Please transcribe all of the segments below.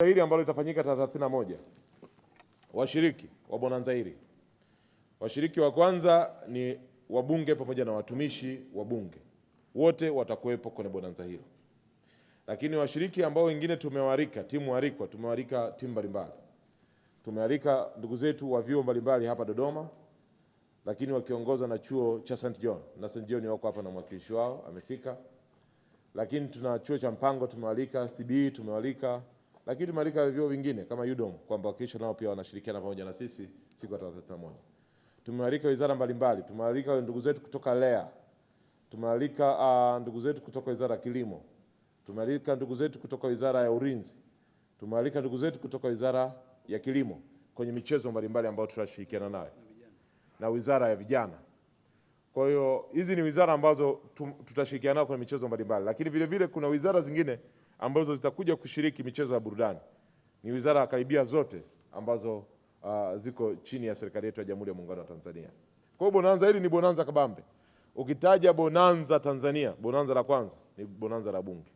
Zairi ambalo litafanyika tarehe 31. Washiriki wa bonanza hili, washiriki wa kwanza ni wabunge pamoja na watumishi wa bunge wote watakuwepo kwenye bonanza hilo, lakini washiriki ambao wengine tumewarika timu warikwa, tumewarika timu mbalimbali, tumewarika ndugu zetu wa vyuo mbalimbali hapa Dodoma, lakini wakiongozwa na chuo cha St John na St John wako hapa na mwakilishi wao amefika, lakini tuna chuo cha Mpango tumewalika, CB e, tumewalika lakini tumealika vyuo vingine kama UDOM kwamba hakikisha nao pia wanashirikiana pamoja na sisi siku ya tarehe 31. Tumealika wizara mbalimbali, tumealika ndugu zetu kutoka LEA, tumealika uh, ah, ndugu zetu kutoka wizara ya kilimo, tumealika ndugu zetu kutoka wizara ya ulinzi, tumealika ndugu zetu kutoka wizara ya kilimo kwenye michezo mbalimbali ambayo tunashirikiana nayo na wizara ya vijana kwa hiyo hizi ni wizara ambazo tutashirikiana kwenye michezo mbalimbali, lakini vile vile kuna wizara zingine ambazo zitakuja kushiriki michezo ya burudani. Ni wizara karibia zote ambazo uh, ziko chini ya serikali yetu ya Jamhuri ya Muungano wa Tanzania. Kwa hiyo bonanza hili ni bonanza kabambe. Ukitaja bonanza Tanzania, bonanza la kwanza ni bonanza la Bunge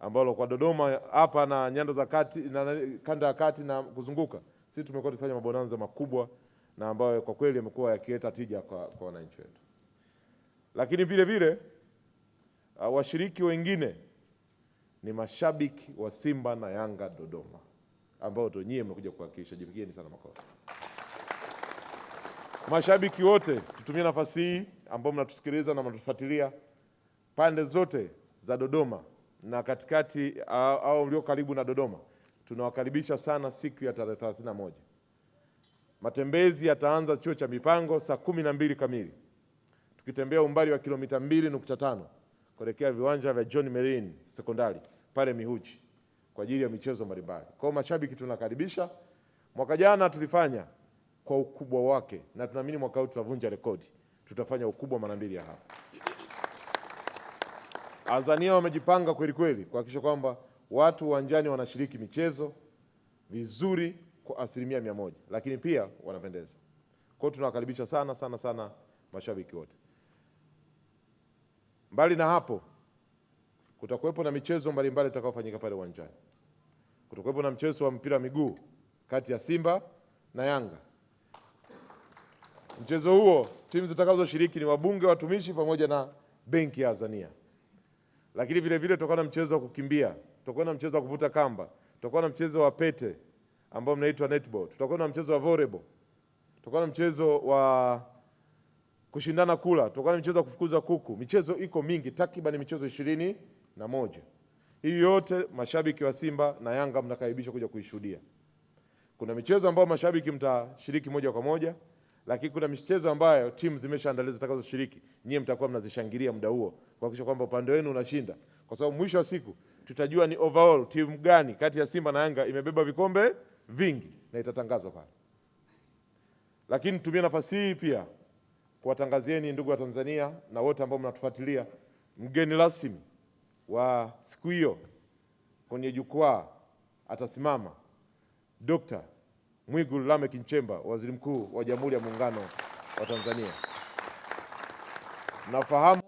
ambalo kwa Dodoma hapa na nyanda za kati na kanda ya kati na kuzunguka, sisi tumekuwa tukifanya mabonanza makubwa na ambayo kwa kweli yamekuwa yakileta tija kwa wananchi wetu. Lakini vile vile uh, washiriki wengine ni mashabiki wa Simba na Yanga Dodoma ambao ndio nyie mmekuja kuhakikisha. jipigeni sana makofi. Mashabiki wote, tutumie nafasi hii ambao mnatusikiliza na mnatufuatilia pande zote za Dodoma na katikati uh, au mlio karibu na Dodoma, tunawakaribisha sana siku ya tarehe 31. Matembezi yataanza chuo cha mipango saa kumi na mbili kamili tukitembea umbali wa kilomita 2.5 kuelekea viwanja vya John Merlin sekondari pale Mihuji kwa ajili ya michezo mbalimbali. Kwa mashabiki tunakaribisha. Mwaka jana tulifanya kwa ukubwa wake na tunaamini mwaka huu tutavunja rekodi. Tutafanya ukubwa mara mbili ya hapa. Azania wamejipanga kweli kweli kuhakikisha kwamba watu uwanjani wanashiriki michezo vizuri kwa asilimia mia moja, lakini pia wanapendeza. Kwa hiyo tunawakaribisha sana sana sana mashabiki wote. Mbali na hapo, kutakuwepo na michezo mbalimbali itakayofanyika pale uwanjani. Kutakuwepo na mchezo wa mpira wa miguu kati ya Simba na Yanga. Mchezo huo timu zitakazoshiriki ni wabunge, watumishi pamoja na benki ya Azania. Lakini vile vile tutakuwa na mchezo wa kukimbia, tutakuwa na mchezo wa kuvuta kamba, tutakuwa na mchezo wa pete ambao mnaitwa netball, tutakuwa na mchezo wa volleyball, tutakuwa na mchezo wa kushindana kula, tutakuwa na michezo ya kufukuza kuku. Michezo iko mingi, takriban michezo ishirini na moja. Hii yote mashabiki wa Simba na Yanga mnakaribishwa kuja kuishuhudia. Kuna michezo ambayo mashabiki mtashiriki moja kwa moja, lakini kuna michezo ambayo timu zimeshaandaliwa zitakazoshiriki, nyie mtakuwa mnazishangilia muda huo kuhakikisha kwamba upande wenu unashinda, kwa sababu mwisho wa siku tutajua ni overall timu gani kati ya Simba na Yanga imebeba vikombe vingi na itatangazwa pale. Lakini tumia nafasi hii pia kuwatangazieni ndugu wa Tanzania na wote ambao mnatufuatilia, mgeni rasmi wa siku hiyo kwenye jukwaa atasimama Dr. Mwigulu Lameck Nchemba, Waziri Mkuu wa Jamhuri ya Muungano wa Tanzania. Nafahamu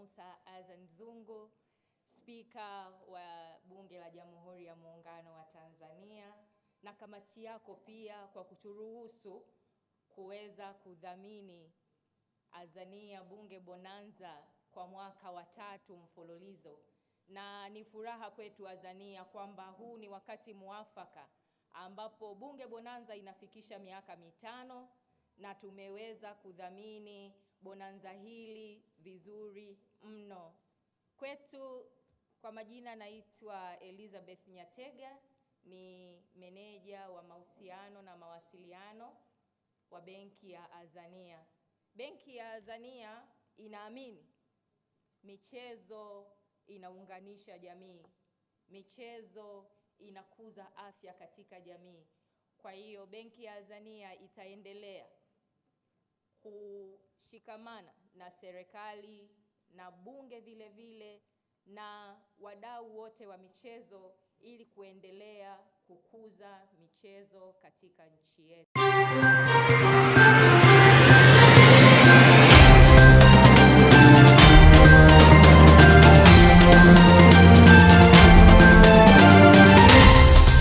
Spika wa Bunge la Jamhuri ya Muungano wa Tanzania na kamati yako pia kwa kuturuhusu kuweza kudhamini azania bunge bonanza kwa mwaka wa tatu mfululizo, na ni furaha kwetu Azania kwamba huu ni wakati muafaka ambapo bunge bonanza inafikisha miaka mitano na tumeweza kudhamini bonanza hili vizuri mno kwetu. Kwa majina naitwa Elizabeth Nyatega, ni meneja wa mahusiano na mawasiliano wa benki ya Azania. Benki ya Azania inaamini michezo inaunganisha jamii, michezo inakuza afya katika jamii. Kwa hiyo benki ya Azania itaendelea kushikamana na serikali na bunge vile vile na wadau wote wa michezo ili kuendelea kukuza michezo katika nchi yetu.